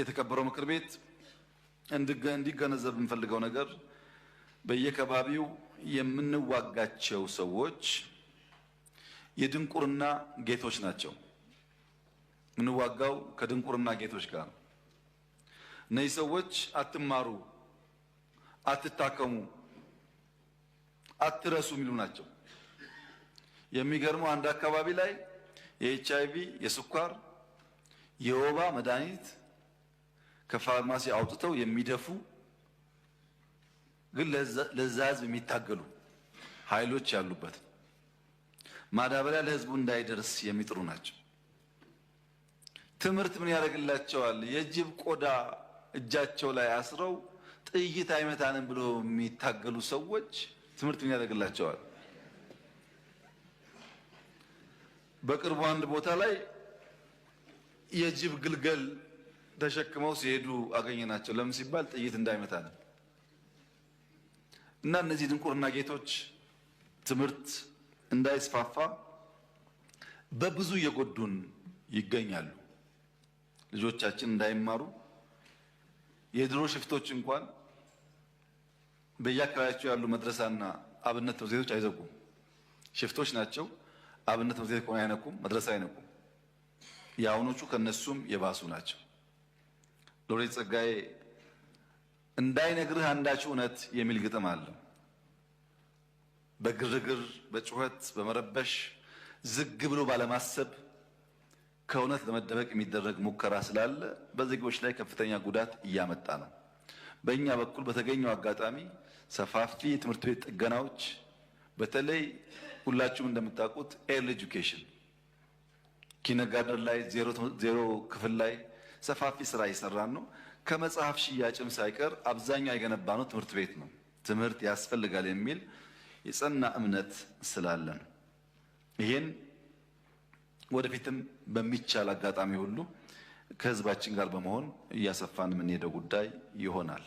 የተከበረው ምክር ቤት እንዲገነዘብ የምፈልገው ነገር በየከባቢው የምንዋጋቸው ሰዎች የድንቁርና ጌቶች ናቸው። የምንዋጋው ከድንቁርና ጌቶች ጋር ነው። እነዚህ ሰዎች አትማሩ፣ አትታከሙ፣ አትረሱ የሚሉ ናቸው። የሚገርመው አንድ አካባቢ ላይ የኤች አይ ቪ፣ የስኳር፣ የወባ መድኃኒት ከፋርማሲ አውጥተው የሚደፉ ግን ለዛ ህዝብ የሚታገሉ ኃይሎች ያሉበት ማዳበሪያ ለህዝቡ እንዳይደርስ የሚጥሩ ናቸው። ትምህርት ምን ያደርግላቸዋል? የጅብ ቆዳ እጃቸው ላይ አስረው ጥይት አይመታንም ብሎ የሚታገሉ ሰዎች ትምህርት ምን ያደርግላቸዋል? በቅርቡ አንድ ቦታ ላይ የጅብ ግልገል ተሸክመው ሲሄዱ አገኘ ናቸው ለምን ሲባል ጥይት እንዳይመታ ነው። እና እነዚህ ድንቁርና ጌቶች ትምህርት እንዳይስፋፋ በብዙ እየጎዱን ይገኛሉ። ልጆቻችን እንዳይማሩ የድሮ ሽፍቶች እንኳን በየአካባቢያቸው ያሉ መድረሳና አብነት ትምህርት ቤቶች አይዘጉም። ሽፍቶች ናቸው። አብነት ትምህርት ቤት ከሆነ አይነኩም፣ መድረሳ አይነኩም። የአሁኖቹ ከነሱም የባሱ ናቸው። ሎሬት ጸጋዬ እንዳይነግርህ አንዳች እውነት የሚል ግጥም አለ። በግርግር በጩኸት በመረበሽ ዝግ ብሎ ባለማሰብ ከእውነት ለመደበቅ የሚደረግ ሙከራ ስላለ በዜጎች ላይ ከፍተኛ ጉዳት እያመጣ ነው። በእኛ በኩል በተገኘው አጋጣሚ ሰፋፊ የትምህርት ቤት ጥገናዎች፣ በተለይ ሁላችሁም እንደምታውቁት ኤርሊ ኤጁኬሽን ኪነጋደር ላይ ዜሮ ክፍል ላይ ሰፋፊ ስራ እየሰራን ነው። ከመጽሐፍ ሽያጭም ሳይቀር አብዛኛው የገነባነው ትምህርት ቤት ነው። ትምህርት ያስፈልጋል የሚል የጸና እምነት ስላለን ይህን ወደፊትም በሚቻል አጋጣሚ ሁሉ ከህዝባችን ጋር በመሆን እያሰፋን የምንሄደው ጉዳይ ይሆናል።